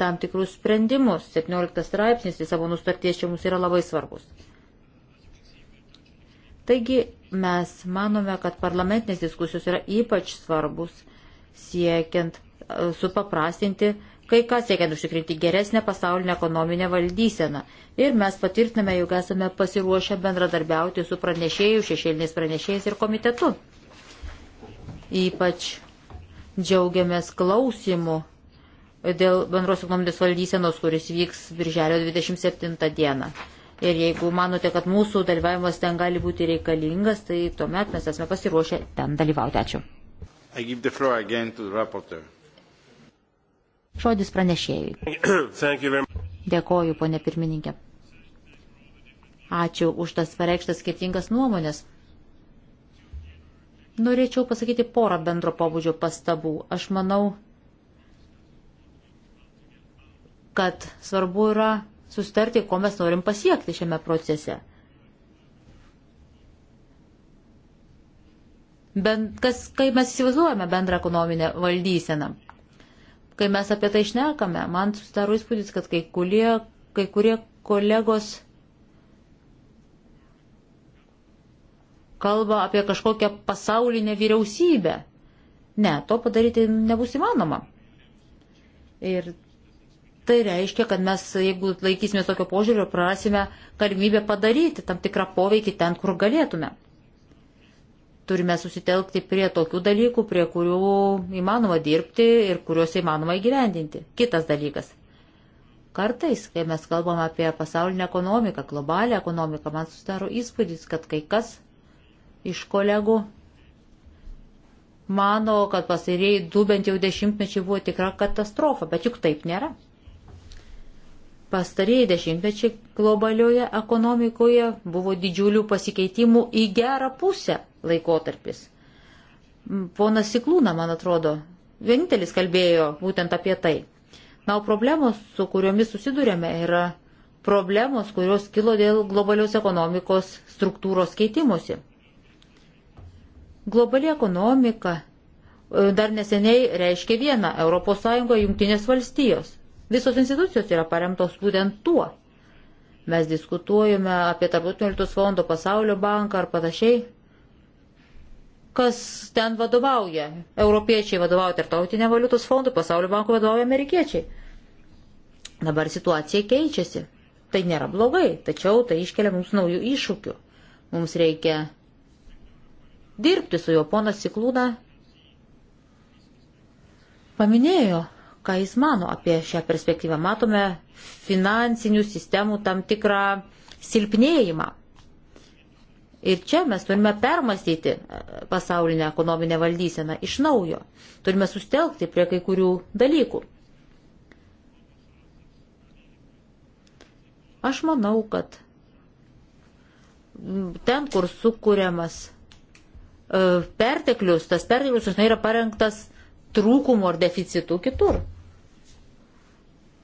tam tikrus sprendimus. 17 straipsnis į savo nustarties čia mums yra labai svarbus. Taigi mes manome, kad parlamentinės diskusijos yra ypač svarbus siekiant e, supaprastinti kai ką siekiant užtikrinti geresnę pasaulinę ekonominę valdyseną. Ir mes patvirtiname, jog esame pasiruošę bendradarbiauti su pranešėjų, šešėliniais pranešėjais ir komitetu. Ypač džiaugiamės klausimu dėl bendros ekonominės valdysenos, kuris vyks birželio 27 dieną. Ir jeigu manote, kad mūsų dalyvavimas ten gali būti reikalingas, tai tuomet mes esame pasiruošę ten dalyvauti. Ačiū. Žodis pranešėjai. Dėkoju, ponė pirmininkė. Ačiū už tas pareikštas skirtingas nuomonės. Norėčiau pasakyti porą bendro pobūdžio pastabų. Aš manau, kad svarbu yra sustarti, ko mes norim pasiekti šiame procese. Bent, kas, kai mes įsivaizduojame bendrą ekonominę valdyseną, kai mes apie tai šnekame, man susidaro įspūdis, kad kai kurie, kai kurie kolegos kalba apie kažkokią pasaulinę vyriausybę. Ne, to padaryti nebus įmanoma. Ir tai reiškia, kad mes, jeigu laikysime tokio požiūrio, prarasime galimybę padaryti tam tikrą poveikį ten, kur galėtume. Turime susitelkti prie tokių dalykų, prie kurių įmanoma dirbti ir kuriuos įmanoma įgyvendinti. Kitas dalykas. Kartais, kai mes kalbam apie pasaulinę ekonomiką, globalią ekonomiką, man susidaro įspūdis, kad kai kas iš kolegų mano, kad pasirėjai du bent jau dešimtmečiai buvo tikra katastrofa, bet juk taip nėra. Pastarėjai dešimtmečiai globalioje ekonomikoje buvo didžiulių pasikeitimų į gerą pusę laikotarpis. Ponas Siklūna, man atrodo, vienintelis kalbėjo būtent apie tai. Na, o problemos, su kuriomis susidurėme, yra problemos, kurios kilo dėl globalios ekonomikos struktūros keitimosi. Globali ekonomika e, dar neseniai reiškia vieną - ES Junktinės valstijos. Visos institucijos yra paremtos būtent tuo. Mes diskutuojame apie Tarptautinio Lietuvos fondo pasaulio banką ar panašiai. Kas ten vadovauja? Europiečiai vadovauja Tarptautinio valiutos fondui, pasaulio banko vadovauja amerikiečiai. Dabar situacija keičiasi. Tai nėra blogai, tačiau tai iškelia mums naujų iššūkių. Mums reikia dirbti su juo. Ponas Siklūna paminėjo, ką jis mano apie šią perspektyvą. Matome finansinių sistemų tam tikrą silpnėjimą. Ir čia mes turime permastyti pasaulinę ekonominę valdyseną iš naujo. Turime sustelkti prie kai kurių dalykų. Aš manau, kad ten, kur sukūriamas perteklius, tas perteklius dažnai yra parengtas trūkumų ar deficitų kitur.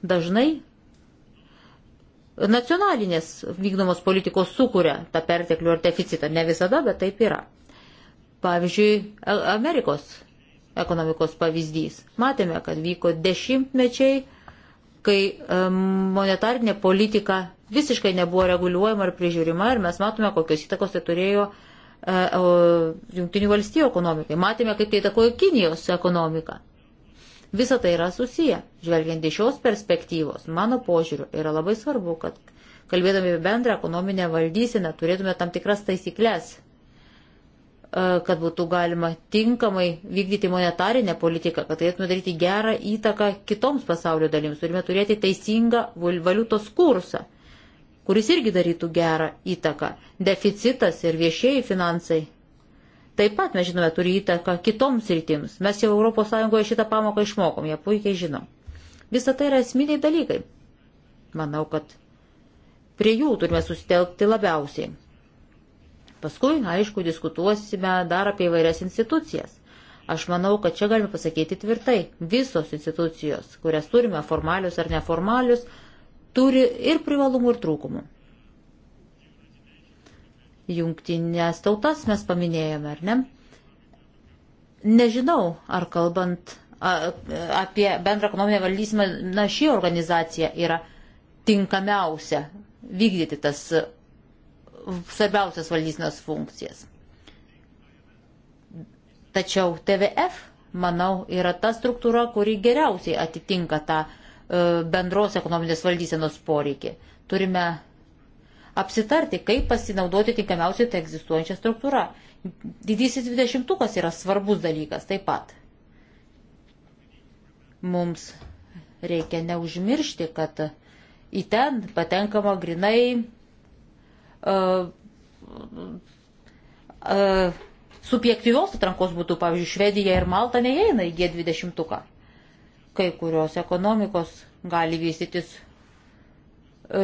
Dažnai nacionalinės vykdomos politikos sukuria tą perteklių ar deficitą. Ne visada, bet taip yra. Pavyzdžiui, Amerikos ekonomikos pavyzdys. Matėme, kad vyko dešimtmečiai, kai e, monetarinė politika visiškai nebuvo reguliuojama ir prižiūrima ir mes matome, kokios įtakos tai turėjo uh, E, Junktinių valstybių ekonomikai. Matėme, kaip tai takojo Kinijos ekonomiką. Visa tai yra susiję. Žvelgiant iš šios perspektyvos, mano požiūriu, yra labai svarbu, kad kalbėdami apie bendrą ekonominę valdyseną turėtume tam tikras taisyklės, e, kad būtų galima tinkamai vykdyti monetarinę politiką, kad turėtume daryti gerą įtaką kitoms pasaulio dalims. Turime turėti teisingą valiutos kursą kuris irgi darytų gerą įtaką. Deficitas ir viešieji finansai taip pat, mes žinome, turi įtaką kitoms rytims. Mes jau ES šitą pamoką išmokom, jie puikiai žino. Visą tai yra esminiai dalykai. Manau, kad prie jų turime susitelkti labiausiai. Paskui, aišku, diskutuosime dar apie įvairias institucijas. Aš manau, kad čia galime pasakyti tvirtai. Visos institucijos, kurias turime, formalius ar neformalius, turi ir privalumų, ir trūkumų. Jungtinės tautas mes paminėjome, ar ne? Nežinau, ar kalbant apie bendrą ekonominę valdysimą, na, ši organizacija yra tinkamiausia vykdyti tas svarbiausias valdysinos funkcijas. Tačiau TVF, manau, yra ta struktūra, kuri geriausiai atitinka tą uh, E, bendros ekonominės valdysenos poreikį. Turime apsitarti, kaip pasinaudoti tinkamiausiai tą egzistuojančią struktūrą. Didysis dvidešimtukas yra svarbus dalykas taip pat. Mums reikia neužmiršti, kad į ten patenkama grinai uh, uh, subjektyvios atrankos būtų, pavyzdžiui, Švedija ir Malta neįeina į G20. -tuką kai kurios ekonomikos gali vystytis e,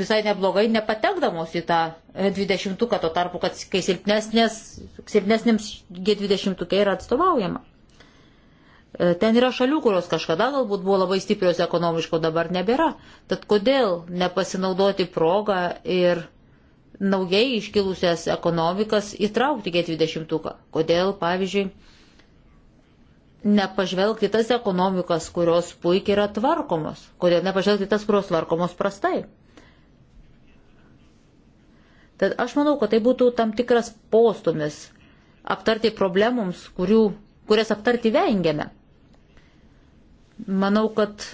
visai neblogai nepatekdamos į tą 20-uką, tuo tarpu, kad kai silpnesnėms G20 yra atstovaujama. E, ten yra šalių, kurios kažkada galbūt buvo labai stiprios ekonomiško, dabar nebėra. Tad kodėl nepasinaudoti progą ir naujai iškilusias ekonomikas įtraukti G20? -uką? Kodėl, pavyzdžiui, nepažvelgti tas ekonomikas, kurios puikiai yra tvarkomos? Kodėl nepažvelgti tas, kurios tvarkomos prastai? Tad aš manau, kad tai būtų tam tikras postumis aptarti problemoms, kurių, kurias aptarti vengiame. Manau, kad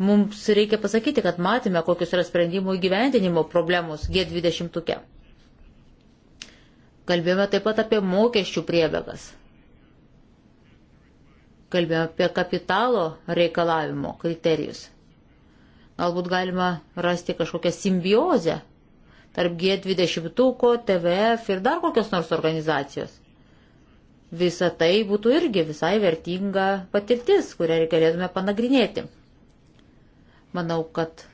mums reikia pasakyti, kad matėme, kokius yra sprendimų įgyvendinimo problemos G20. -tuke. Kalbėjome taip pat apie mokesčių priebėgas kalbėjome apie kapitalo reikalavimo kriterijus. Galbūt galima rasti kažkokią simbiozę tarp G20, TVF ir dar kokios nors organizacijos. Visa tai būtų irgi visai vertinga patirtis, kurią reikėlėtume panagrinėti. Manau, kad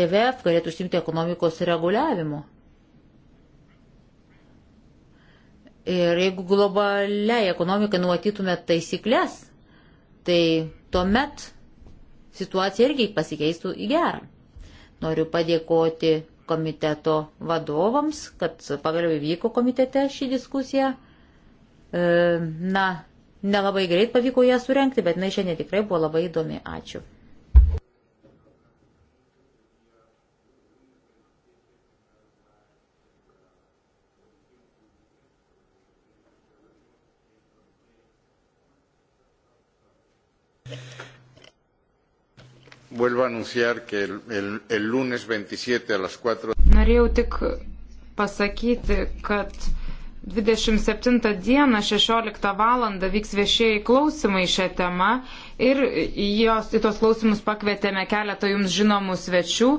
TVF galėtų užsimti ekonomikos reguliavimu Ir jeigu globaliai ekonomikai numatytume taisyklės, tai tuomet situacija irgi pasikeistų į gerą. Noriu padėkoti komiteto vadovams, kad pagaliau įvyko komitete šį diskusiją. E, na, nelabai greit pavyko ją surenkti, bet na, šiandien tikrai buvo labai įdomi. Ačiū. vuelvo a anunciar que el, el, el lunes 27 a las 4. Norėjau tik pasakyti, kad 27 dieną 16 val. vyks viešieji klausimai šią temą ir jos, į tos klausimus pakvietėme keletą jums žinomų svečių.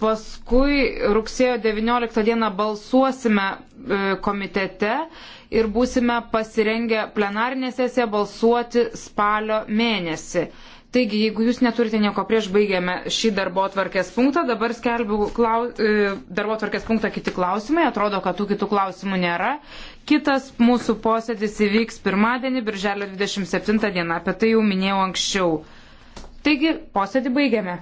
Paskui rugsėjo 19 dieną balsuosime e, komitete ir būsime pasirengę plenarinę sesiją balsuoti spalio mėnesį. Taigi, jeigu jūs neturite nieko prieš, baigėme šį darbo atvarkės punktą. Dabar skelbiu klaus... E, darbo atvarkės punktą kiti klausimai. Atrodo, kad tų kitų klausimų nėra. Kitas mūsų posėdis įvyks pirmadienį, birželio 27 dieną. Apie tai jau minėjau anksčiau. Taigi, posėdį baigėme.